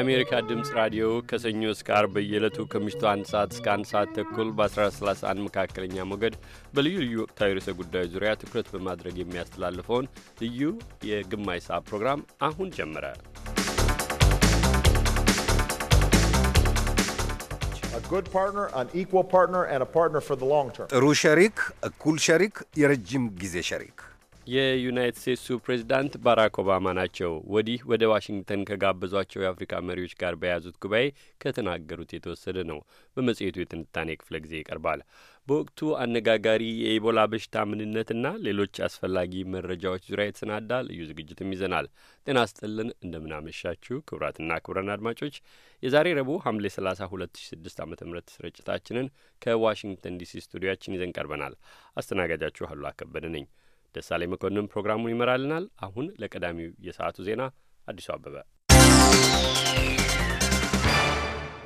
የአሜሪካ ድምፅ ራዲዮ ከሰኞ እስከ አርብ በየዕለቱ ከምሽቱ አንድ ሰዓት እስከ አንድ ሰዓት ተኩል በ 1131 መካከለኛ ሞገድ በልዩ ልዩ ወቅታዊ ርዕሰ ጉዳዮች ዙሪያ ትኩረት በማድረግ የሚያስተላልፈውን ልዩ የግማሽ ሰዓት ፕሮግራም አሁን ጀመረ። ጥሩ ሸሪክ፣ እኩል ሸሪክ፣ የረጅም ጊዜ ሸሪክ የዩናይት ስቴትሱ ፕሬዚዳንት ባራክ ኦባማ ናቸው። ወዲህ ወደ ዋሽንግተን ከጋበዟቸው የአፍሪካ መሪዎች ጋር በያዙት ጉባኤ ከተናገሩት የተወሰደ ነው። በመጽሔቱ የትንታኔ ክፍለ ጊዜ ይቀርባል። በወቅቱ አነጋጋሪ የኢቦላ በሽታ ምንነትና ሌሎች አስፈላጊ መረጃዎች ዙሪያ የተሰናዳ ልዩ ዝግጅትም ይዘናል። ጤና ስጥልን፣ እንደምናመሻችሁ ክቡራትና ክቡራን አድማጮች የዛሬ ረቡዕ ሐምሌ 30 2006 ዓ ም ስርጭታችንን ከዋሽንግተን ዲሲ ስቱዲያችን ይዘን ቀርበናል። አስተናጋጃችሁ አሉላ ከበደ ነኝ። ደሳሌ መኮንን ፕሮግራሙን ይመራልናል። አሁን ለቀዳሚው የሰዓቱ ዜና አዲሱ አበበ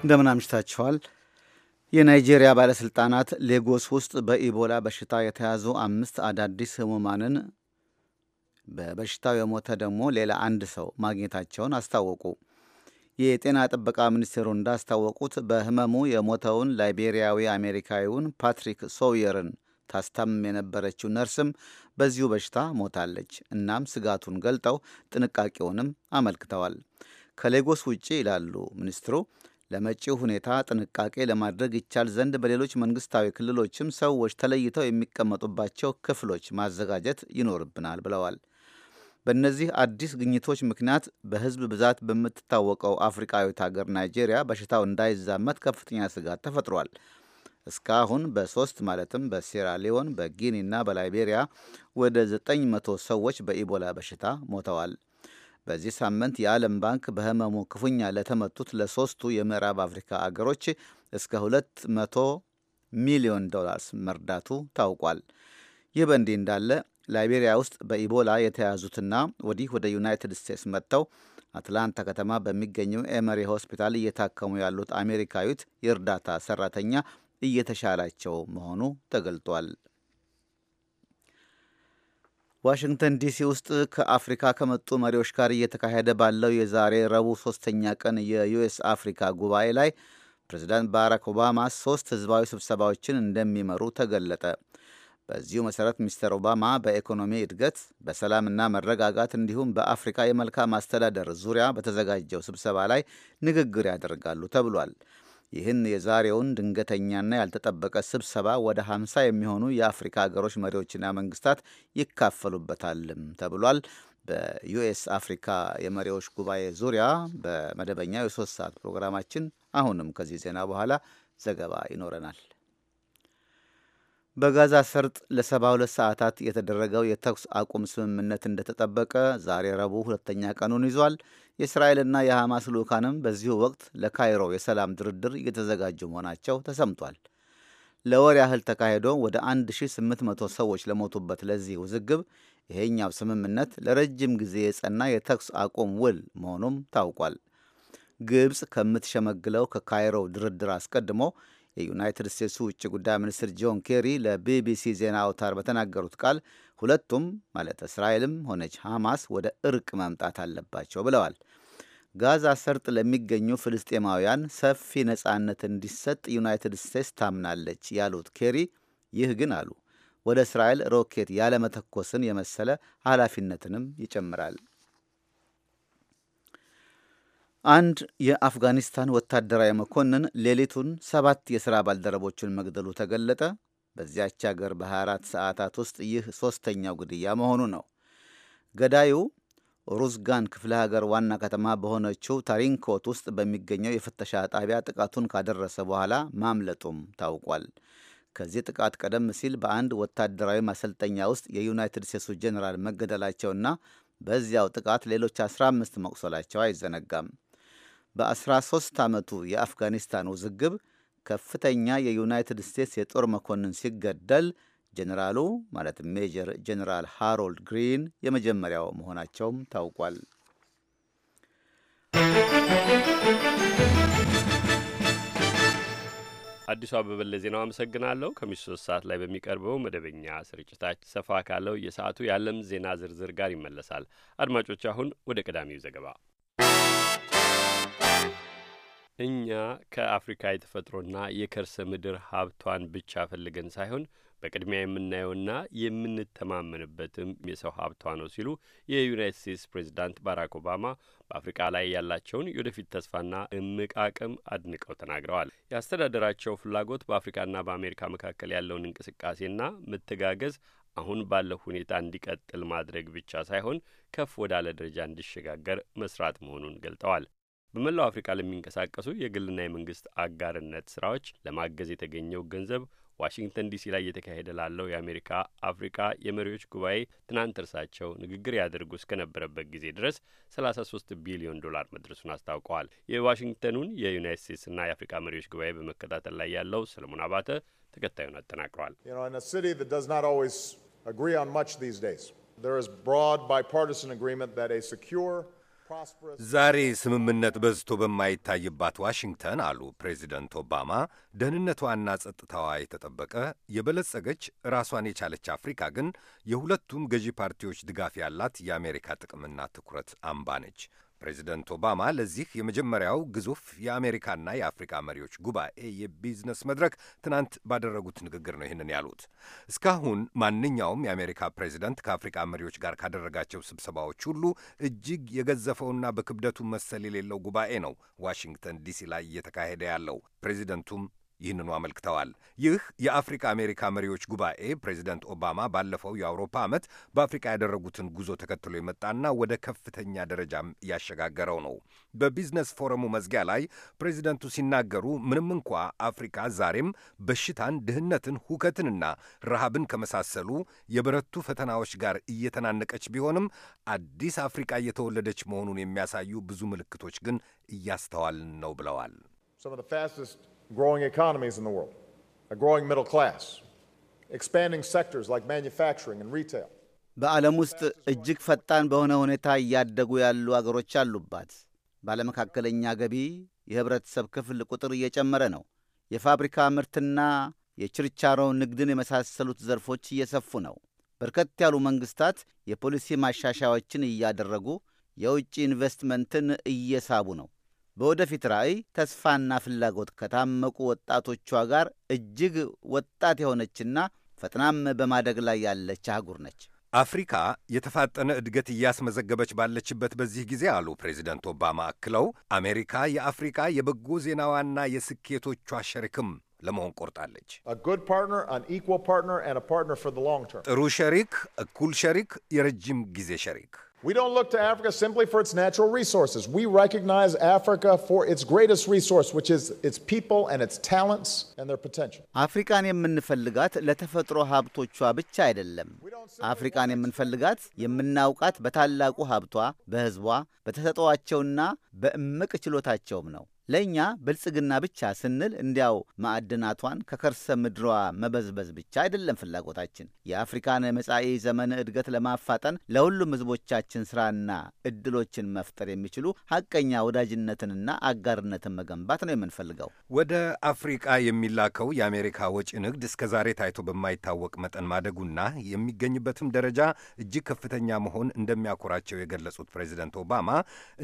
እንደምን አምሽታችኋል። የናይጄሪያ ባለሥልጣናት ሌጎስ ውስጥ በኢቦላ በሽታ የተያዙ አምስት አዳዲስ ህሙማንን በበሽታው የሞተ ደግሞ ሌላ አንድ ሰው ማግኘታቸውን አስታወቁ። የጤና ጥበቃ ሚኒስቴሩ እንዳስታወቁት በህመሙ የሞተውን ላይቤሪያዊ አሜሪካዊውን ፓትሪክ ሶውየርን ታስታምም የነበረችው ነርስም በዚሁ በሽታ ሞታለች። እናም ስጋቱን ገልጠው ጥንቃቄውንም አመልክተዋል። ከሌጎስ ውጪ ይላሉ ሚኒስትሩ ለመጪው ሁኔታ ጥንቃቄ ለማድረግ ይቻል ዘንድ በሌሎች መንግስታዊ ክልሎችም ሰዎች ተለይተው የሚቀመጡባቸው ክፍሎች ማዘጋጀት ይኖርብናል ብለዋል። በእነዚህ አዲስ ግኝቶች ምክንያት በህዝብ ብዛት በምትታወቀው አፍሪካዊት ሀገር ናይጄሪያ በሽታው እንዳይዛመት ከፍተኛ ስጋት ተፈጥሯል። እስካሁን በሶስት ማለትም በሴራሊዮን እና በላይቤሪያ ወደ 900 ሰዎች በኢቦላ በሽታ ሞተዋል። በዚህ ሳምንት የዓለም ባንክ በህመሙ ክፉኛ ለተመቱት ለሶስቱ የምዕራብ አፍሪካ አገሮች እስከ 200 ሚሊዮን ዶላርስ መርዳቱ ታውቋል። ይህ በእንዲህ እንዳለ ላይቤሪያ ውስጥ በኢቦላ የተያዙትና ወዲህ ወደ ዩናይትድ ስቴትስ መጥተው አትላንታ ከተማ በሚገኘው ኤመሪ ሆስፒታል እየታከሙ ያሉት አሜሪካዊት የእርዳታ ሰራተኛ እየተሻላቸው መሆኑ ተገልጧል። ዋሽንግተን ዲሲ ውስጥ ከአፍሪካ ከመጡ መሪዎች ጋር እየተካሄደ ባለው የዛሬ ረቡዕ ሶስተኛ ቀን የዩኤስ አፍሪካ ጉባኤ ላይ ፕሬዚዳንት ባራክ ኦባማ ሶስት ህዝባዊ ስብሰባዎችን እንደሚመሩ ተገለጠ። በዚሁ መሠረት ሚስተር ኦባማ በኢኮኖሚ እድገት፣ በሰላምና መረጋጋት እንዲሁም በአፍሪካ የመልካም አስተዳደር ዙሪያ በተዘጋጀው ስብሰባ ላይ ንግግር ያደርጋሉ ተብሏል። ይህን የዛሬውን ድንገተኛና ያልተጠበቀ ስብሰባ ወደ 50 የሚሆኑ የአፍሪካ ሀገሮች መሪዎችና መንግስታት ይካፈሉበታልም ተብሏል። በዩኤስ አፍሪካ የመሪዎች ጉባኤ ዙሪያ በመደበኛው የሶስት ሰዓት ፕሮግራማችን አሁንም ከዚህ ዜና በኋላ ዘገባ ይኖረናል። በጋዛ ሰርጥ ለ72 ሰዓታት የተደረገው የተኩስ አቁም ስምምነት እንደተጠበቀ ዛሬ ረቡዕ ሁለተኛ ቀኑን ይዟል። የእስራኤልና የሐማስ ልዑካንም በዚሁ ወቅት ለካይሮ የሰላም ድርድር እየተዘጋጁ መሆናቸው ተሰምቷል። ለወር ያህል ተካሂዶ ወደ 1800 ሰዎች ለሞቱበት ለዚህ ውዝግብ ይሄኛው ስምምነት ለረጅም ጊዜ የጸና የተኩስ አቁም ውል መሆኑም ታውቋል። ግብፅ ከምትሸመግለው ከካይሮው ድርድር አስቀድሞ የዩናይትድ ስቴትሱ ውጭ ጉዳይ ሚኒስትር ጆን ኬሪ ለቢቢሲ ዜና አውታር በተናገሩት ቃል ሁለቱም ማለት እስራኤልም ሆነች ሐማስ ወደ እርቅ መምጣት አለባቸው ብለዋል። ጋዛ ሰርጥ ለሚገኙ ፍልስጤማውያን ሰፊ ነጻነት እንዲሰጥ ዩናይትድ ስቴትስ ታምናለች ያሉት ኬሪ ይህ ግን አሉ ወደ እስራኤል ሮኬት ያለመተኮስን የመሰለ ኃላፊነትንም ይጨምራል። አንድ የአፍጋኒስታን ወታደራዊ መኮንን ሌሊቱን ሰባት የሥራ ባልደረቦቹን መግደሉ ተገለጠ። በዚያች አገር በ24 ሰዓታት ውስጥ ይህ ሦስተኛው ግድያ መሆኑ ነው። ገዳዩ ሩዝጋን ክፍለ ሀገር ዋና ከተማ በሆነችው ታሪንኮት ውስጥ በሚገኘው የፍተሻ ጣቢያ ጥቃቱን ካደረሰ በኋላ ማምለጡም ታውቋል። ከዚህ ጥቃት ቀደም ሲል በአንድ ወታደራዊ ማሰልጠኛ ውስጥ የዩናይትድ ስቴትሱ ጄኔራል መገደላቸውና በዚያው ጥቃት ሌሎች 15 መቁሰላቸው አይዘነጋም። በ13 ዓመቱ የአፍጋኒስታን ውዝግብ ከፍተኛ የዩናይትድ ስቴትስ የጦር መኮንን ሲገደል ጀኔራሉ ማለት ሜጀር ጀኔራል ሃሮልድ ግሪን የመጀመሪያው መሆናቸውም ታውቋል። አዲሱ አበበ ለዜናው አመሰግናለሁ። ከምሽቱ ሶስት ሰዓት ላይ በሚቀርበው መደበኛ ስርጭታችን ሰፋ ካለው የሰዓቱ የዓለም ዜና ዝርዝር ጋር ይመለሳል። አድማጮች፣ አሁን ወደ ቀዳሚው ዘገባ እኛ ከአፍሪካ የተፈጥሮና የከርሰ ምድር ሀብቷን ብቻ ፈልገን ሳይሆን በቅድሚያ የምናየውና የምንተማመንበትም የሰው ሀብቷ ነው ሲሉ የዩናይት ስቴትስ ፕሬዚዳንት ባራክ ኦባማ በአፍሪቃ ላይ ያላቸውን የወደፊት ተስፋና እምቅ አቅም አድንቀው ተናግረዋል። የአስተዳደራቸው ፍላጎት በአፍሪካና በአሜሪካ መካከል ያለውን እንቅስቃሴና መተጋገዝ አሁን ባለው ሁኔታ እንዲቀጥል ማድረግ ብቻ ሳይሆን ከፍ ወዳለ ደረጃ እንዲሸጋገር መስራት መሆኑን ገልጠዋል። በመላው አፍሪካ ለሚንቀሳቀሱ የግልና የመንግስት አጋርነት ስራዎች ለማገዝ የተገኘው ገንዘብ ዋሽንግተን ዲሲ ላይ እየተካሄደ ላለው የአሜሪካ አፍሪካ የመሪዎች ጉባኤ ትናንት እርሳቸው ንግግር ያደርጉ እስከነበረበት ጊዜ ድረስ 33 ቢሊዮን ዶላር መድረሱን አስታውቀዋል። የዋሽንግተኑን የዩናይት ስቴትስና የአፍሪካ መሪዎች ጉባኤ በመከታተል ላይ ያለው ሰለሞን አባተ ተከታዩን አጠናቅሯል። There is broad bipartisan agreement that a secure ዛሬ ስምምነት በዝቶ በማይታይባት ዋሽንግተን አሉ ፕሬዚደንት ኦባማ፣ ደህንነቷና ጸጥታዋ የተጠበቀ የበለጸገች ራሷን የቻለች አፍሪካ ግን የሁለቱም ገዢ ፓርቲዎች ድጋፍ ያላት የአሜሪካ ጥቅምና ትኩረት አምባ ነች። ፕሬዚደንት ኦባማ ለዚህ የመጀመሪያው ግዙፍ የአሜሪካና የአፍሪካ መሪዎች ጉባኤ የቢዝነስ መድረክ ትናንት ባደረጉት ንግግር ነው ይህንን ያሉት። እስካሁን ማንኛውም የአሜሪካ ፕሬዚደንት ከአፍሪካ መሪዎች ጋር ካደረጋቸው ስብሰባዎች ሁሉ እጅግ የገዘፈውና በክብደቱ መሰል የሌለው ጉባኤ ነው ዋሽንግተን ዲሲ ላይ እየተካሄደ ያለው። ፕሬዚደንቱም ይህንኑ አመልክተዋል። ይህ የአፍሪካ አሜሪካ መሪዎች ጉባኤ ፕሬዚደንት ኦባማ ባለፈው የአውሮፓ ዓመት በአፍሪካ ያደረጉትን ጉዞ ተከትሎ የመጣና ወደ ከፍተኛ ደረጃም ያሸጋገረው ነው። በቢዝነስ ፎረሙ መዝጊያ ላይ ፕሬዚደንቱ ሲናገሩ ምንም እንኳ አፍሪካ ዛሬም በሽታን፣ ድህነትን፣ ሁከትንና ረሃብን ከመሳሰሉ የበረቱ ፈተናዎች ጋር እየተናነቀች ቢሆንም አዲስ አፍሪካ እየተወለደች መሆኑን የሚያሳዩ ብዙ ምልክቶች ግን እያስተዋልን ነው ብለዋል። growing economies in the world, a growing middle class, expanding sectors like manufacturing and retail. በዓለም ውስጥ እጅግ ፈጣን በሆነ ሁኔታ እያደጉ ያሉ አገሮች አሉባት። ባለመካከለኛ ገቢ የህብረተሰብ ክፍል ቁጥር እየጨመረ ነው። የፋብሪካ ምርትና የችርቻሮ ንግድን የመሳሰሉት ዘርፎች እየሰፉ ነው። በርከት ያሉ መንግስታት የፖሊሲ ማሻሻያዎችን እያደረጉ የውጭ ኢንቨስትመንትን እየሳቡ ነው። በወደፊት ራዕይ ተስፋና ፍላጎት ከታመቁ ወጣቶቿ ጋር እጅግ ወጣት የሆነችና ፈጥናም በማደግ ላይ ያለች አህጉር ነች። አፍሪካ የተፋጠነ እድገት እያስመዘገበች ባለችበት በዚህ ጊዜ አሉ ፕሬዚደንት ኦባማ አክለው፣ አሜሪካ የአፍሪካ የበጎ ዜናዋና የስኬቶቿ ሸሪክም ለመሆን ቆርጣለች። ጥሩ ሸሪክ፣ እኩል ሸሪክ፣ የረጅም ጊዜ ሸሪክ We don't look to Africa simply for its natural resources. We recognize Africa for its greatest resource, which is its people and its talents and their potential. አፍሪካን የምንፈልጋት ለተፈጥሮ ሀብቶቿ ብቻ አይደለም። አፍሪካን የምንፈልጋት የምናውቃት በታላቁ ሀብቷ፣ በህዝቧ፣ በተሰጠዋቸውና በእምቅ ችሎታቸውም ነው። ለእኛ ብልጽግና ብቻ ስንል እንዲያው ማዕድናቷን ከከርሰ ምድሯ መበዝበዝ ብቻ አይደለም ፍላጎታችን። የአፍሪካን መጻኢ ዘመን እድገት ለማፋጠን ለሁሉም ሕዝቦቻችን ስራና እድሎችን መፍጠር የሚችሉ ሀቀኛ ወዳጅነትንና አጋርነትን መገንባት ነው የምንፈልገው። ወደ አፍሪቃ የሚላከው የአሜሪካ ወጪ ንግድ እስከ ዛሬ ታይቶ በማይታወቅ መጠን ማደጉና የሚገኝበትም ደረጃ እጅግ ከፍተኛ መሆን እንደሚያኮራቸው የገለጹት ፕሬዚደንት ኦባማ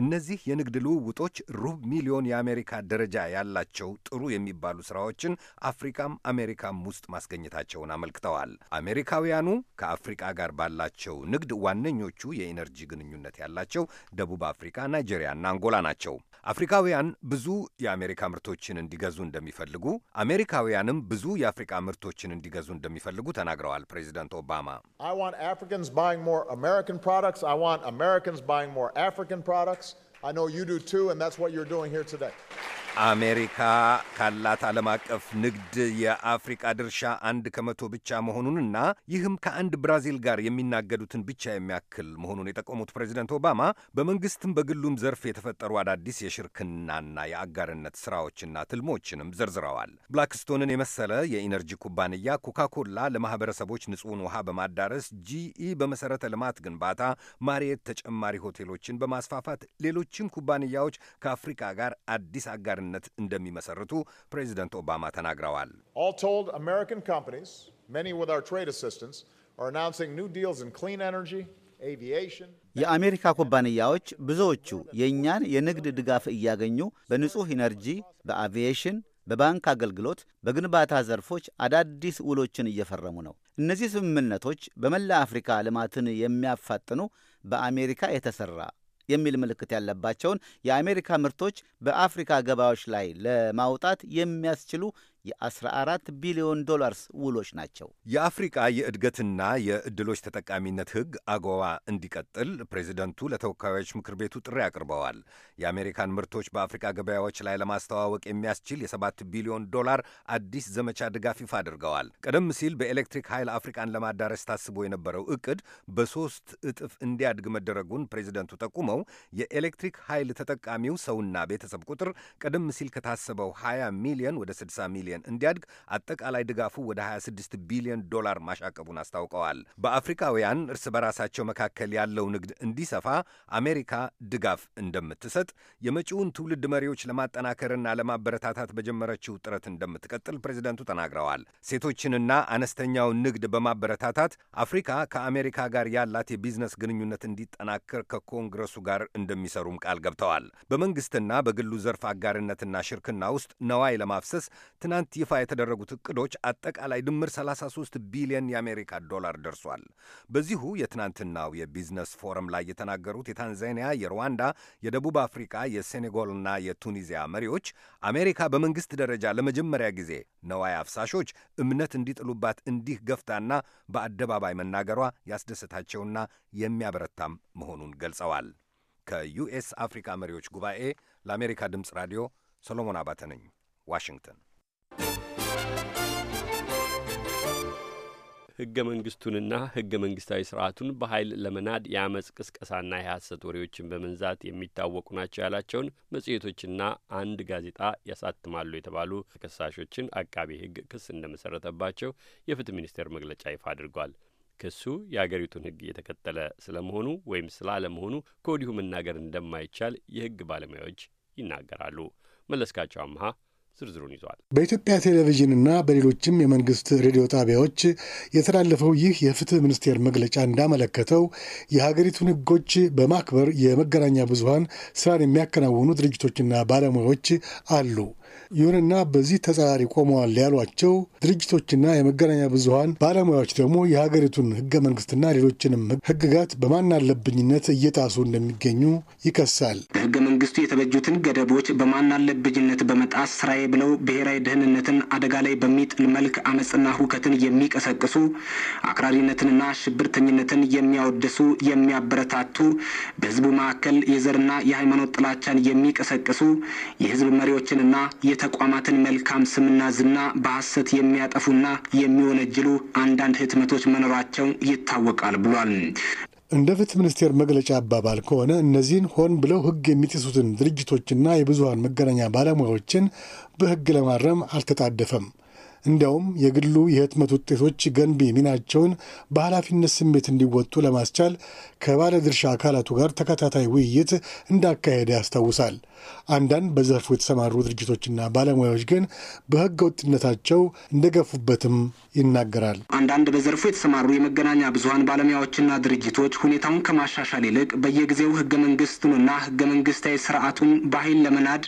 እነዚህ የንግድ ልውውጦች ሩብ ሚሊዮን በአሜሪካ ደረጃ ያላቸው ጥሩ የሚባሉ ስራዎችን አፍሪካም አሜሪካም ውስጥ ማስገኘታቸውን አመልክተዋል። አሜሪካውያኑ ከአፍሪቃ ጋር ባላቸው ንግድ ዋነኞቹ የኢነርጂ ግንኙነት ያላቸው ደቡብ አፍሪካ፣ ናይጄሪያና አንጎላ ናቸው። አፍሪካውያን ብዙ የአሜሪካ ምርቶችን እንዲገዙ እንደሚፈልጉ፣ አሜሪካውያንም ብዙ የአፍሪካ ምርቶችን እንዲገዙ እንደሚፈልጉ ተናግረዋል ፕሬዚደንት ኦባማ። I want Africans buying more American I know you do too, and that's what you're doing here today. አሜሪካ ካላት ዓለም አቀፍ ንግድ የአፍሪቃ ድርሻ አንድ ከመቶ ብቻ መሆኑንና ይህም ከአንድ ብራዚል ጋር የሚናገዱትን ብቻ የሚያክል መሆኑን የጠቆሙት ፕሬዚደንት ኦባማ በመንግስትም በግሉም ዘርፍ የተፈጠሩ አዳዲስ የሽርክናና የአጋርነት ስራዎችና ትልሞችንም ዘርዝረዋል። ብላክስቶንን የመሰለ የኢነርጂ ኩባንያ፣ ኮካኮላ ለማህበረሰቦች ንጹሕን ውሃ በማዳረስ ጂኢ በመሰረተ ልማት ግንባታ፣ ማሬት ተጨማሪ ሆቴሎችን በማስፋፋት ሌሎችም ኩባንያዎች ከአፍሪካ ጋር አዲስ አጋር አጋርነት እንደሚመሰርቱ ፕሬዚደንት ኦባማ ተናግረዋል። የአሜሪካ ኩባንያዎች ብዙዎቹ የእኛን የንግድ ድጋፍ እያገኙ በንጹሕ ኢነርጂ፣ በአቪዬሽን፣ በባንክ አገልግሎት፣ በግንባታ ዘርፎች አዳዲስ ውሎችን እየፈረሙ ነው። እነዚህ ስምምነቶች በመላ አፍሪካ ልማትን የሚያፋጥኑ በአሜሪካ የተሠራ የሚል ምልክት ያለባቸውን የአሜሪካ ምርቶች በአፍሪካ ገበያዎች ላይ ለማውጣት የሚያስችሉ የ14 ቢሊዮን ዶላርስ ውሎች ናቸው። የአፍሪቃ የእድገትና የዕድሎች ተጠቃሚነት ህግ አጎዋ እንዲቀጥል ፕሬዚደንቱ ለተወካዮች ምክር ቤቱ ጥሪ አቅርበዋል። የአሜሪካን ምርቶች በአፍሪካ ገበያዎች ላይ ለማስተዋወቅ የሚያስችል የ7 ቢሊዮን ዶላር አዲስ ዘመቻ ድጋፍ ይፋ አድርገዋል። ቀደም ሲል በኤሌክትሪክ ኃይል አፍሪቃን ለማዳረስ ታስቦ የነበረው እቅድ በሶስት እጥፍ እንዲያድግ መደረጉን ፕሬዚደንቱ ጠቁመው የኤሌክትሪክ ኃይል ተጠቃሚው ሰውና ቤተሰብ ቁጥር ቀደም ሲል ከታሰበው 20 ሚሊዮን ወደ 60 ሚሊዮን ቢሊዮን እንዲያድግ አጠቃላይ ድጋፉ ወደ 26 ቢሊዮን ዶላር ማሻቀቡን አስታውቀዋል። በአፍሪካውያን እርስ በራሳቸው መካከል ያለው ንግድ እንዲሰፋ አሜሪካ ድጋፍ እንደምትሰጥ፣ የመጪውን ትውልድ መሪዎች ለማጠናከርና ለማበረታታት በጀመረችው ጥረት እንደምትቀጥል ፕሬዚደንቱ ተናግረዋል። ሴቶችንና አነስተኛውን ንግድ በማበረታታት አፍሪካ ከአሜሪካ ጋር ያላት የቢዝነስ ግንኙነት እንዲጠናከር ከኮንግረሱ ጋር እንደሚሰሩም ቃል ገብተዋል። በመንግስትና በግሉ ዘርፍ አጋርነትና ሽርክና ውስጥ ነዋይ ለማፍሰስ ትናንት ትናንት ይፋ የተደረጉት እቅዶች አጠቃላይ ድምር 33 ቢሊዮን የአሜሪካ ዶላር ደርሷል። በዚሁ የትናንትናው የቢዝነስ ፎረም ላይ የተናገሩት የታንዛኒያ፣ የሩዋንዳ፣ የደቡብ አፍሪካ፣ የሴኔጋልና የቱኒዚያ መሪዎች አሜሪካ በመንግሥት ደረጃ ለመጀመሪያ ጊዜ ነዋይ አፍሳሾች እምነት እንዲጥሉባት እንዲህ ገፍታና በአደባባይ መናገሯ ያስደሰታቸውና የሚያበረታም መሆኑን ገልጸዋል። ከዩኤስ አፍሪካ መሪዎች ጉባኤ ለአሜሪካ ድምፅ ራዲዮ ሰሎሞን አባተ ነኝ፣ ዋሽንግተን። ህገ መንግስቱንና ህገ መንግስታዊ ስርዓቱን በኃይል ለመናድ የአመፅ ቅስቀሳና የሐሰት ወሬዎችን በመንዛት የሚታወቁ ናቸው ያላቸውን መጽሔቶችና አንድ ጋዜጣ ያሳትማሉ የተባሉ ተከሳሾችን አቃቢ ህግ ክስ እንደመሰረተባቸው የፍትህ ሚኒስቴር መግለጫ ይፋ አድርጓል። ክሱ የአገሪቱን ህግ የተከተለ ስለመሆኑ ወይም ስላለመሆኑ ከወዲሁ መናገር እንደማይቻል የህግ ባለሙያዎች ይናገራሉ። መለስካቸው አምሃ ዝርዝሩን ይዟል። በኢትዮጵያ ቴሌቪዥንና በሌሎችም የመንግስት ሬዲዮ ጣቢያዎች የተላለፈው ይህ የፍትህ ሚኒስቴር መግለጫ እንዳመለከተው የሀገሪቱን ህጎች በማክበር የመገናኛ ብዙሀን ስራን የሚያከናውኑ ድርጅቶችና ባለሙያዎች አሉ። ይሁንና በዚህ ተጻራሪ ቆመዋል ያሏቸው ድርጅቶችና የመገናኛ ብዙሀን ባለሙያዎች ደግሞ የሀገሪቱን ህገ መንግስትና ሌሎችንም ህግጋት በማናለብኝነት እየጣሱ እንደሚገኙ ይከሳል። በህገ መንግስቱ የተበጁትን ገደቦች በማናለብኝነት በመጣስ ስራዬ ብለው ብሔራዊ ደህንነትን አደጋ ላይ በሚጥል መልክ አመፅና ሁከትን የሚቀሰቅሱ አክራሪነትንና ሽብርተኝነትን የሚያወድሱ የሚያበረታቱ በህዝቡ መካከል የዘርና የሃይማኖት ጥላቻን የሚቀሰቅሱ የህዝብ መሪዎችንና የተቋማትን መልካም ስምና ዝና በሐሰት የሚያጠፉና የሚወነጅሉ አንዳንድ ህትመቶች መኖራቸው ይታወቃል ብሏል። እንደ ፍትህ ሚኒስቴር መግለጫ አባባል ከሆነ እነዚህን ሆን ብለው ህግ የሚጥሱትን ድርጅቶችና የብዙሀን መገናኛ ባለሙያዎችን በህግ ለማረም አልተጣደፈም። እንዲያውም የግሉ የህትመት ውጤቶች ገንቢ ሚናቸውን በኃላፊነት ስሜት እንዲወጡ ለማስቻል ከባለድርሻ አካላቱ ጋር ተከታታይ ውይይት እንዳካሄደ ያስታውሳል። አንዳንድ በዘርፉ የተሰማሩ ድርጅቶችና ባለሙያዎች ግን በህገ ወጥነታቸው እንደገፉበትም ይናገራል። አንዳንድ በዘርፉ የተሰማሩ የመገናኛ ብዙሀን ባለሙያዎችና ድርጅቶች ሁኔታውን ከማሻሻል ይልቅ በየጊዜው ህገ መንግስቱንና ህገ መንግስታዊ ስርዓቱን በኃይል ለመናድ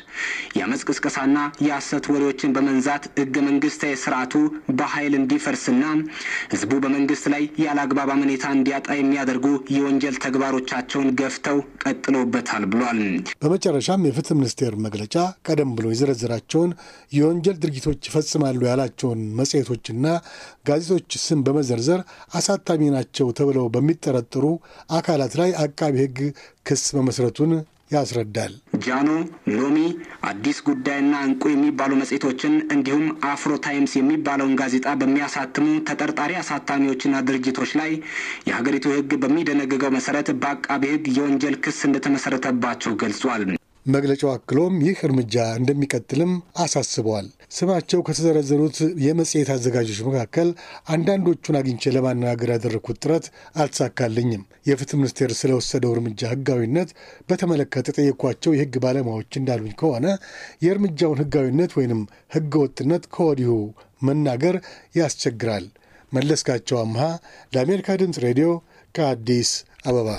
የአመፅ ቅስቀሳና የሐሰት ወሬዎችን በመንዛት ህገ መንግስታዊ ስርዓቱ በኃይል እንዲፈርስና ህዝቡ በመንግስት ላይ ያለ መኔታ አመኔታ እንዲያጣ የሚያደርጉ የወንጀል ተግባሮቻቸውን ገፍተው ቀጥለውበታል ብሏል። በመጨረሻም የፍትህ ሚኒስቴር መግለጫ ቀደም ብሎ የዘረዘራቸውን የወንጀል ድርጊቶች ይፈጽማሉ ያላቸውን መጽሔቶችና ጋዜጦች ስም በመዘርዘር አሳታሚ ናቸው ተብለው በሚጠረጠሩ አካላት ላይ አቃቢ ህግ ክስ መመስረቱን ያስረዳል። ጃኖ፣ ሎሚ፣ አዲስ ጉዳይና እንቁ የሚባሉ መጽሔቶችን እንዲሁም አፍሮ ታይምስ የሚባለውን ጋዜጣ በሚያሳትሙ ተጠርጣሪ አሳታሚዎችና ድርጅቶች ላይ የሀገሪቱ ህግ በሚደነግገው መሰረት በአቃቤ ህግ የወንጀል ክስ እንደተመሰረተባቸው ገልጿል። መግለጫው አክሎም ይህ እርምጃ እንደሚቀጥልም አሳስበዋል። ስማቸው ከተዘረዘሩት የመጽሔት አዘጋጆች መካከል አንዳንዶቹን አግኝቼ ለማነጋገር ያደረግኩት ጥረት አልተሳካልኝም። የፍትህ ሚኒስቴር ስለወሰደው እርምጃ ህጋዊነት በተመለከተ የጠየኳቸው የህግ ባለሙያዎች እንዳሉኝ ከሆነ የእርምጃውን ህጋዊነት ወይንም ህገ ወጥነት ከወዲሁ መናገር ያስቸግራል። መለስካቸው አምሃ ለአሜሪካ ድምፅ ሬዲዮ ከአዲስ አበባ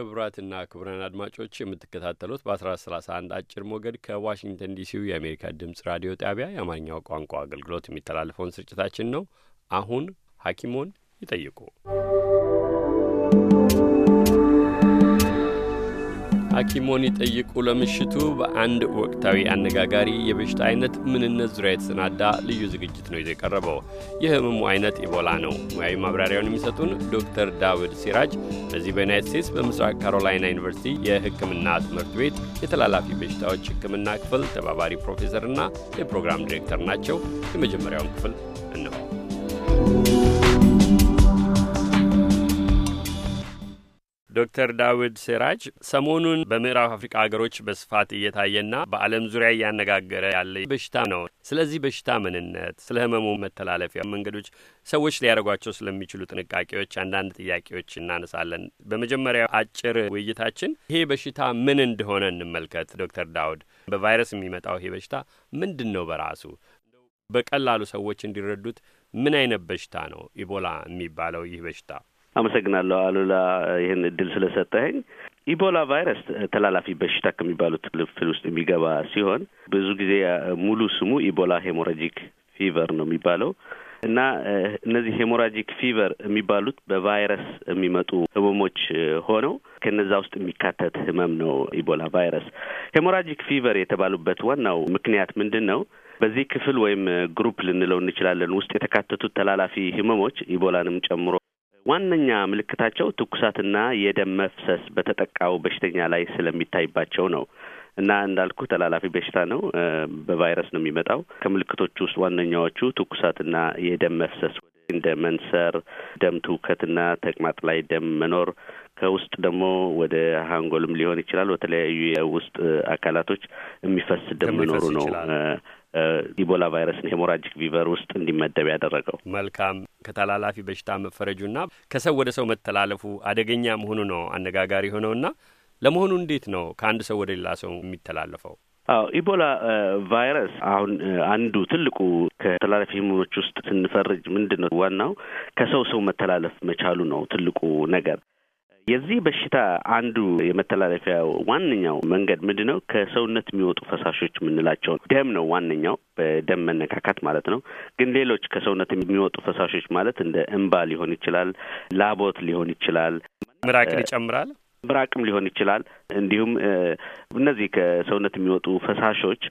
ክቡራትና ክቡራን አድማጮች የምትከታተሉት በ1131 አጭር ሞገድ ከዋሽንግተን ዲሲው የአሜሪካ ድምፅ ራዲዮ ጣቢያ የአማርኛው ቋንቋ አገልግሎት የሚተላለፈውን ስርጭታችን ነው። አሁን ሐኪሞን ይጠይቁ ሐኪሞን ይጠይቁ ለምሽቱ በአንድ ወቅታዊ አነጋጋሪ የበሽታ አይነት ምንነት ዙሪያ የተሰናዳ ልዩ ዝግጅት ነው ይዞ የቀረበው። የህመሙ አይነት ኢቦላ ነው። ሙያዊ ማብራሪያውን የሚሰጡን ዶክተር ዳውድ ሲራጅ በዚህ በዩናይት ስቴትስ በምስራቅ ካሮላይና ዩኒቨርሲቲ የህክምና ትምህርት ቤት የተላላፊ በሽታዎች ህክምና ክፍል ተባባሪ ፕሮፌሰርና የፕሮግራም ዲሬክተር ናቸው። የመጀመሪያውን ክፍል ነው። ዶክተር ዳዊድ ሴራጅ ሰሞኑን በምዕራብ አፍሪካ ሀገሮች በስፋት እየታየና በዓለም ዙሪያ እያነጋገረ ያለ በሽታ ነው። ስለዚህ በሽታ ምንነት፣ ስለ ህመሙ መተላለፊያ መንገዶች፣ ሰዎች ሊያደርጓቸው ስለሚችሉ ጥንቃቄዎች አንዳንድ ጥያቄዎች እናነሳለን። በመጀመሪያ አጭር ውይይታችን ይሄ በሽታ ምን እንደሆነ እንመልከት። ዶክተር ዳውድ በቫይረስ የሚመጣው ይሄ በሽታ ምንድን ነው? በራሱ በቀላሉ ሰዎች እንዲረዱት ምን አይነት በሽታ ነው ኢቦላ የሚባለው ይህ በሽታ? አመሰግናለሁ አሉላ ይህን እድል ስለሰጠኸኝ። ኢቦላ ቫይረስ ተላላፊ በሽታ ከሚባሉት ክፍል ውስጥ የሚገባ ሲሆን ብዙ ጊዜ ሙሉ ስሙ ኢቦላ ሄሞራጂክ ፊቨር ነው የሚባለው እና እነዚህ ሄሞራጂክ ፊቨር የሚባሉት በቫይረስ የሚመጡ ህመሞች ሆነው ከነዛ ውስጥ የሚካተት ህመም ነው ኢቦላ ቫይረስ። ሄሞራጂክ ፊቨር የተባሉበት ዋናው ምክንያት ምንድን ነው? በዚህ ክፍል ወይም ግሩፕ ልንለው እንችላለን ውስጥ የተካተቱት ተላላፊ ህመሞች ኢቦላንም ጨምሮ ዋነኛ ምልክታቸው ትኩሳትና የደም መፍሰስ በተጠቃው በሽተኛ ላይ ስለሚታይባቸው ነው። እና እንዳልኩ ተላላፊ በሽታ ነው። በቫይረስ ነው የሚመጣው። ከምልክቶቹ ውስጥ ዋነኛዎቹ ትኩሳትና የደም መፍሰስ እንደ መንሰር፣ ደም ትውከትና ተቅማጥ ላይ ደም መኖር ከውስጥ ደግሞ ወደ ሀንጎልም ሊሆን ይችላል። በተለያዩ የውስጥ አካላቶች የሚፈስ ደም መኖሩ ነው። ኢቦላ ቫይረስን ሄሞራጂክ ቪቨር ውስጥ እንዲመደብ ያደረገው። መልካም ከተላላፊ በሽታ መፈረጁና ከሰው ወደ ሰው መተላለፉ አደገኛ መሆኑ ነው አነጋጋሪ የሆነውና ለመሆኑ እንዴት ነው ከአንድ ሰው ወደ ሌላ ሰው የሚተላለፈው? አዎ ኢቦላ ቫይረስ አሁን አንዱ ትልቁ ከተላላፊ ህመሞች ውስጥ ስንፈርጅ ምንድን ነው ዋናው ከሰው ሰው መተላለፍ መቻሉ ነው ትልቁ ነገር። የዚህ በሽታ አንዱ የመተላለፊያ ዋነኛው መንገድ ምንድን ነው? ከሰውነት የሚወጡ ፈሳሾች የምንላቸው ደም ነው ዋነኛው፣ በደም መነካካት ማለት ነው። ግን ሌሎች ከሰውነት የሚወጡ ፈሳሾች ማለት እንደ እንባ ሊሆን ይችላል፣ ላቦት ሊሆን ይችላል፣ ምራቅን ይጨምራል፣ ምራቅም ሊሆን ይችላል። እንዲሁም እነዚህ ከሰውነት የሚወጡ ፈሳሾች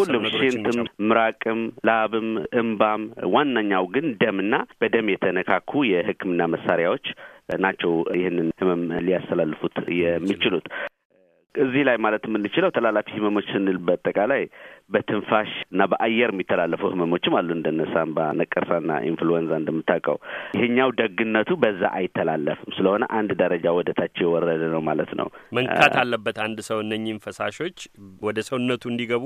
ሁሉም ሽንትም፣ ምራቅም፣ ላብም፣ እምባም ዋነኛው ግን ደምና በደም የተነካኩ የሕክምና መሳሪያዎች ናቸው ይህንን ህመም ሊያስተላልፉት የሚችሉት። እዚህ ላይ ማለት የምንችለው ተላላፊ ህመሞች ስንል በአጠቃላይ በትንፋሽ እና በአየር የሚተላለፉ ህመሞችም አሉ እንደነ ሳምባ፣ ነቀርሳና ኢንፍሉዌንዛ እንደምታውቀው። ይሄኛው ደግነቱ በዛ አይተላለፍም ስለሆነ አንድ ደረጃ ወደ ታች የወረደ ነው ማለት ነው። መንካት አለበት አንድ ሰው እነኚህም ፈሳሾች ወደ ሰውነቱ እንዲገቡ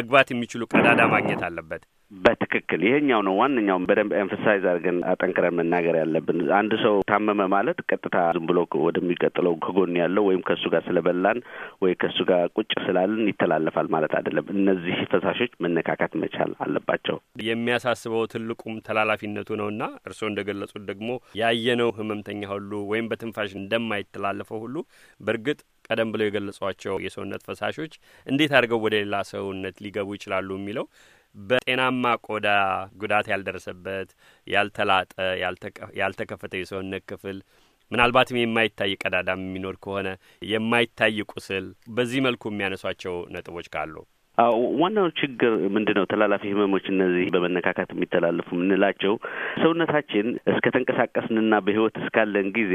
መግባት የሚችሉ ቀዳዳ ማግኘት አለበት። በትክክል ይሄኛው ነው ዋነኛው በደንብ ኤምፈሳይዝ አድርገን አጠንክረን መናገር ያለብን። አንድ ሰው ታመመ ማለት ቀጥታ ዝም ብሎ ወደሚቀጥለው ከጎን ያለው ወይም ከእሱ ጋር ስለበላን ወይ ከእሱ ጋር ቁጭ ስላልን ይተላለፋል ማለት አይደለም። እነዚህ ፈሳሾች መነካካት መቻል አለባቸው። የሚያሳስበው ትልቁም ተላላፊነቱ እና እርስዎ እንደገለጹት ደግሞ ያየነው ህመምተኛ ሁሉ ወይም በትንፋሽ እንደማይተላለፈው ሁሉ በእርግጥ ቀደም ብለው የገለጿቸው የሰውነት ፈሳሾች እንዴት አድርገው ወደ ሌላ ሰውነት ሊገቡ ይችላሉ የሚለው በጤናማ ቆዳ ጉዳት ያልደረሰበት ያልተላጠ፣ ያልተከፈተ የሰውነት ክፍል ምናልባትም የማይታይ ቀዳዳም የሚኖር ከሆነ የማይታይ ቁስል፣ በዚህ መልኩ የሚያነሷቸው ነጥቦች ካሉ ዋናው ችግር ምንድን ነው? ተላላፊ ህመሞች እነዚህ በመነካካት የሚተላለፉ የምንላቸው ሰውነታችን እስከ ተንቀሳቀስንና በህይወት እስካለን ጊዜ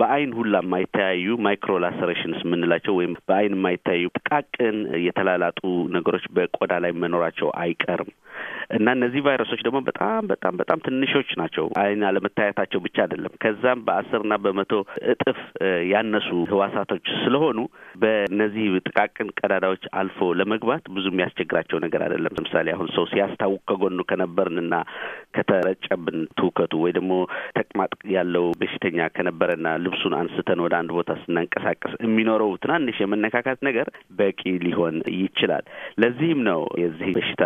በአይን ሁላ የማይተያዩ ማይክሮ ላሰሬሽንስ የምንላቸው ወይም በአይን የማይተያዩ ጥቃቅን የተላላጡ ነገሮች በቆዳ ላይ መኖራቸው አይቀርም እና እነዚህ ቫይረሶች ደግሞ በጣም በጣም በጣም ትንሾች ናቸው። አይን አለመታየታቸው ብቻ አይደለም፣ ከዛም በአስርና በመቶ እጥፍ ያነሱ ህዋሳቶች ስለሆኑ በእነዚህ ጥቃቅን ቀዳዳዎች አልፎ ለመግባት ብዙ የሚያስቸግራቸው ነገር አይደለም። ለምሳሌ አሁን ሰው ሲያስታውቅ ከጎኑ ከነበርንና ከተረጨብን ትውከቱ ወይ ደግሞ ተቅማጥ ያለው በሽተኛ ከነበረና ልብሱን አንስተን ወደ አንድ ቦታ ስናንቀሳቀስ የሚኖረው ትናንሽ የመነካካት ነገር በቂ ሊሆን ይችላል። ለዚህም ነው የዚህ በሽታ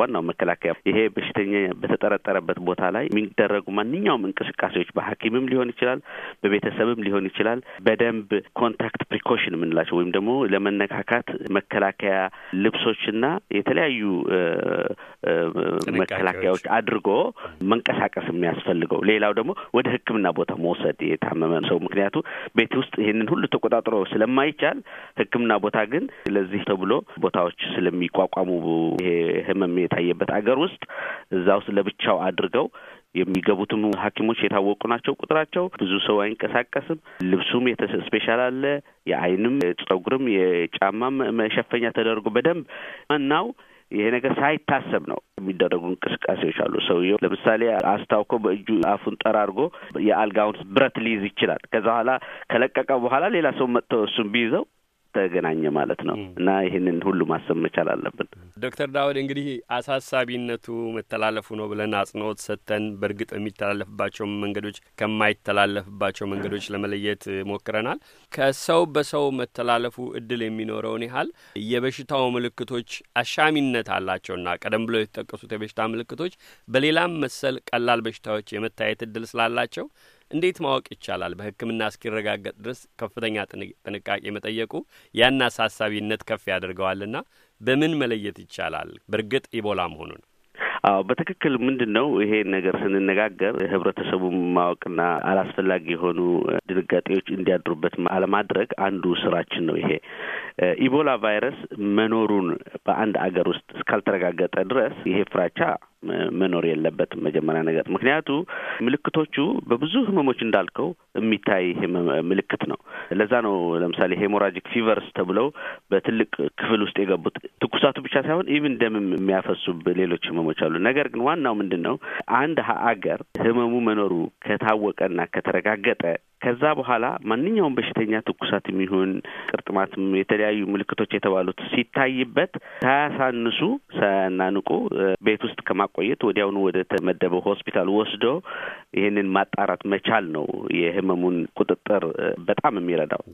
ዋናው መከላከያ ይሄ በሽተኛ በተጠረጠረበት ቦታ ላይ የሚደረጉ ማንኛውም እንቅስቃሴዎች በሐኪምም ሊሆን ይችላል፣ በቤተሰብም ሊሆን ይችላል። በደንብ ኮንታክት ፕሪኮሽን የምንላቸው ወይም ደግሞ ለመነካካት መከላከያ ልብሶ ጥረቶችና የተለያዩ መከላከያዎች አድርጎ መንቀሳቀስ የሚያስፈልገው። ሌላው ደግሞ ወደ ሕክምና ቦታ መውሰድ የታመመ ሰው ምክንያቱ ቤት ውስጥ ይህንን ሁሉ ተቆጣጥሮ ስለማይቻል ሕክምና ቦታ ግን ለዚህ ተብሎ ቦታዎች ስለሚቋቋሙ ይሄ ህመም የታየበት አገር ውስጥ እዛ ውስጥ ለብቻው አድርገው የሚገቡትም ሐኪሞች የታወቁ ናቸው። ቁጥራቸው ብዙ ሰው አይንቀሳቀስም። ልብሱም ስፔሻል አለ። የአይንም ጸጉርም የጫማም መሸፈኛ ተደርጎ በደንብ እናው ይሄ ነገር ሳይታሰብ ነው የሚደረጉ እንቅስቃሴዎች አሉ። ሰውየው ለምሳሌ አስታውኮ በእጁ አፉን ጠራርጎ የአልጋውን ብረት ሊይዝ ይችላል። ከዛ በኋላ ከለቀቀ በኋላ ሌላ ሰው መጥቶ እሱን ቢይዘው ተገናኘ ማለት ነው እና ይህንን ሁሉ ማሰብ መቻል አለብን። ዶክተር ዳውድ እንግዲህ አሳሳቢነቱ መተላለፉ ነው ብለን አጽንኦት ሰጥተን በእርግጥ የሚተላለፍባቸው መንገዶች ከማይተላለፍባቸው መንገዶች ለመለየት ሞክረናል። ከሰው በሰው መተላለፉ እድል የሚኖረውን ያህል የበሽታው ምልክቶች አሻሚነት አላቸውና ቀደም ብሎ የተጠቀሱት የበሽታ ምልክቶች በሌላም መሰል ቀላል በሽታዎች የመታየት እድል ስላላቸው እንዴት ማወቅ ይቻላል? በሕክምና እስኪረጋገጥ ድረስ ከፍተኛ ጥንቃቄ መጠየቁ ያን አሳሳቢነት ከፍ ያደርገዋልና በምን መለየት ይቻላል በእርግጥ ኢቦላ መሆኑን? አዎ በትክክል ምንድን ነው ይሄ ነገር ስንነጋገር ህብረተሰቡ ማወቅና አላስፈላጊ የሆኑ ድንጋጤዎች እንዲያድሩበት አለማድረግ አንዱ ስራችን ነው። ይሄ ኢቦላ ቫይረስ መኖሩን በአንድ አገር ውስጥ እስካልተረጋገጠ ድረስ ይሄ ፍራቻ መኖር የለበትም። መጀመሪያ ነገር ምክንያቱ ምልክቶቹ በብዙ ህመሞች እንዳልከው የሚታይ ምልክት ነው። ለዛ ነው ለምሳሌ ሄሞራጂክ ፊቨርስ ተብለው በትልቅ ክፍል ውስጥ የገቡት ትኩሳቱ ብቻ ሳይሆን ኢቭን ደምም የሚያፈሱ ሌሎች ህመሞች አሉ። ነገር ግን ዋናው ምንድን ነው አንድ ሀገር ህመሙ መኖሩ ከታወቀና ከተረጋገጠ ከዛ በኋላ ማንኛውም በሽተኛ ትኩሳት የሚሆን ቅርጥማትም፣ የተለያዩ ምልክቶች የተባሉት ሲታይበት ሳያሳንሱ ሳያናንቁ ቤት ውስጥ ከማቆየት ወዲያውኑ ወደ ተመደበው ሆስፒታል ወስዶ ይህንን ማጣራት መቻል ነው የህመሙን ቁጥጥር በጣም የሚረዳው።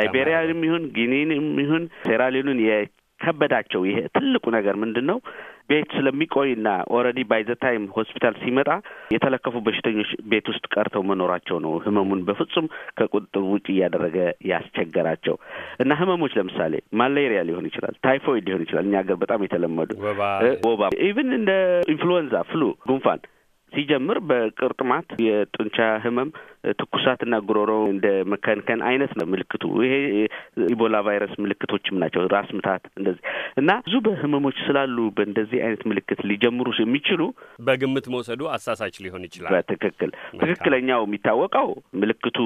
ላይቤሪያንም ይሁን ጊኒንም ይሁን ሴራሊዮንን የከበዳቸው ይሄ ትልቁ ነገር ምንድን ነው? ቤት ስለሚቆይና ኦልሬዲ ባይ ዘ ታይም ሆስፒታል ሲመጣ የተለከፉ በሽተኞች ቤት ውስጥ ቀርተው መኖራቸው ነው ህመሙን በፍጹም ከቁጥጥር ውጭ እያደረገ ያስቸገራቸው እና ህመሞች ለምሳሌ ማሌሪያ ሊሆን ይችላል፣ ታይፎይድ ሊሆን ይችላል። እኛ ሀገር በጣም የተለመዱ ወባ፣ ኢቭን እንደ ኢንፍሉዌንዛ፣ ፍሉ፣ ጉንፋን ሲጀምር በቅርጥማት የጡንቻ ህመም፣ ትኩሳትና ጉሮሮ እንደ መከንከን አይነት ነው ምልክቱ። ይሄ ኢቦላ ቫይረስ ምልክቶችም ናቸው። ራስ ምታት እንደዚህ እና ብዙ በህመሞች ስላሉ በእንደዚህ አይነት ምልክት ሊጀምሩ የሚችሉ በግምት መውሰዱ አሳሳች ሊሆን ይችላል። በትክክል ትክክለኛው የሚታወቀው ምልክቱ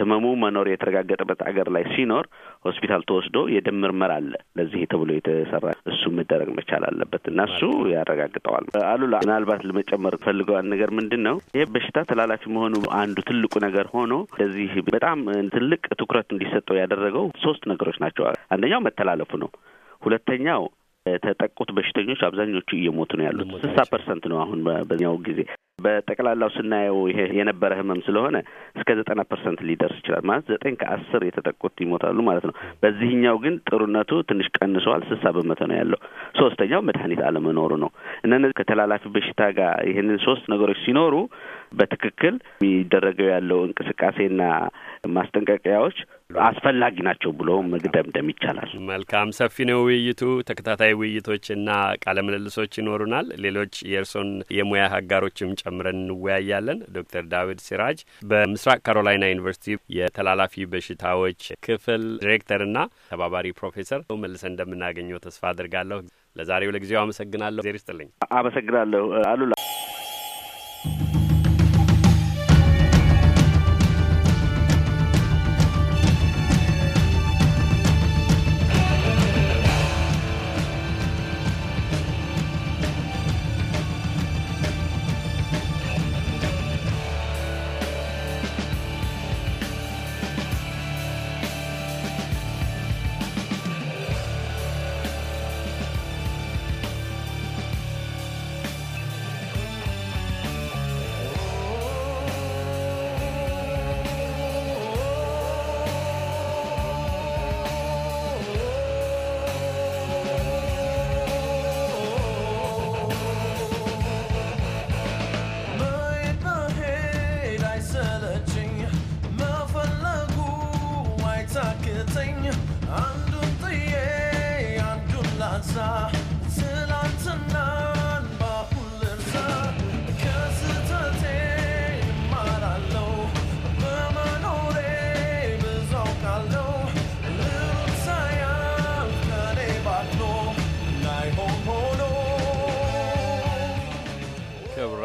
ህመሙ መኖር የተረጋገጠበት አገር ላይ ሲኖር ሆስፒታል ተወስዶ የደም ምርመራ አለ ለዚህ ተብሎ የተሰራ እሱ መደረግ መቻል አለበት እና እሱ ያረጋግጠዋል። አሉላ ምናልባት ለመጨመር ፈልገ ያስባል ነገር ምንድን ነው ይህ በሽታ ተላላፊ መሆኑ አንዱ ትልቁ ነገር ሆኖ ለዚህ በጣም ትልቅ ትኩረት እንዲሰጠው ያደረገው ሶስት ነገሮች ናቸው። አንደኛው መተላለፉ ነው። ሁለተኛው ተጠቁት በሽተኞች አብዛኞቹ እየሞቱ ነው ያሉት። ስልሳ ፐርሰንት ነው አሁን በኛው ጊዜ በጠቅላላው ስናየው ይሄ የነበረ ህመም ስለሆነ እስከ ዘጠና ፐርሰንት ሊደርስ ይችላል ማለት ዘጠኝ ከአስር የተጠቁት ይሞታሉ ማለት ነው። በዚህኛው ግን ጥሩነቱ ትንሽ ቀንሰዋል። ስሳ በመቶ ነው ያለው። ሶስተኛው መድኃኒት አለመኖሩ ነው። እነዚህ ከተላላፊ በሽታ ጋር ይህንን ሶስት ነገሮች ሲኖሩ በትክክል የሚደረገው ያለው እንቅስቃሴና ማስጠንቀቂያዎች አስፈላጊ ናቸው ብሎ መግደምደም ይቻላል። መልካም ሰፊ ነው ውይይቱ። ተከታታይ ውይይቶችና ቃለ ምልልሶች ይኖሩናል። ሌሎች የእርሶን የሙያ አጋሮችም ጨምረን እንወያያለን። ዶክተር ዳዊድ ሲራጅ በምስራቅ ካሮላይና ዩኒቨርሲቲ የተላላፊ በሽታዎች ክፍል ዲሬክተርና ተባባሪ ፕሮፌሰር መልሰን እንደምናገኘው ተስፋ አድርጋለሁ። ለዛሬው ለጊዜው አመሰግናለሁ። ዜር ይስጥልኝ። አመሰግናለሁ አሉላ። عندهم طيه عندهم لعنه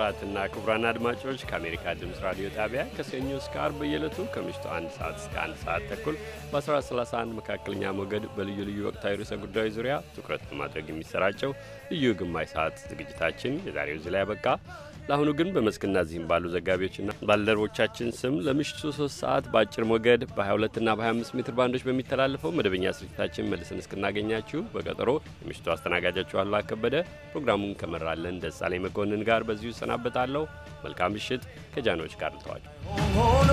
ክቡራትና ክቡራን አድማጮች ከአሜሪካ ድምፅ ራዲዮ ጣቢያ ከሰኞ እስከ አርብ በየዕለቱ ከምሽቱ አንድ ሰዓት እስከ አንድ ሰዓት ተኩል በ1431 መካከለኛ ሞገድ በልዩ ልዩ ወቅታዊ ርዕሰ ጉዳዮች ዙሪያ ትኩረት በማድረግ የሚሰራጨው ልዩ ግማሽ ሰዓት ዝግጅታችን የዛሬው እዚህ ላይ ያበቃ። ለአሁኑ ግን በመስክና እዚህም ባሉ ዘጋቢዎችና ባልደረቦቻችን ስም ለምሽቱ ሶስት ሰዓት በአጭር ሞገድ በ 22 እና በ25 ሜትር ባንዶች በሚተላለፈው መደበኛ ስርጭታችን መልስን እስክናገኛችሁ በቀጠሮ የምሽቱ አስተናጋጃችሁ አሉ አከበደ ፕሮግራሙን ከመራለን ደሳለኝ መኮንን ጋር በዚሁ እሰናበታለሁ። መልካም ምሽት። ከጃኖች ጋር ልተዋል። ሆኖ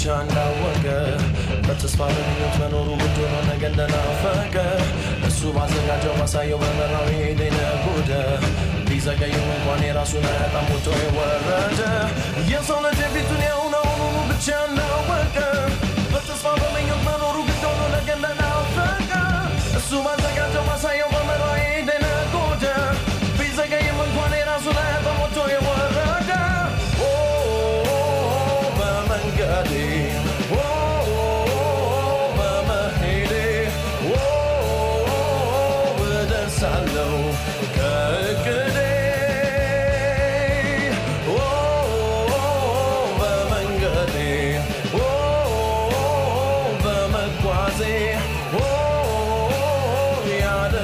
ብቻ እንዳወቀ በተስፋ መኖሩ ውድ ሆኖ ነገ እንደናፈቀ እሱ ባዘጋጀው ባሳየው በመራው ሄደ ቢዘገይም እንኳን የራሱን አያጣም ሞቶ የወረደ የሰውነት የፊቱን ብቻ በተስፋ መኖሩ ሆኖ ነገ እንደናፈቀ እሱ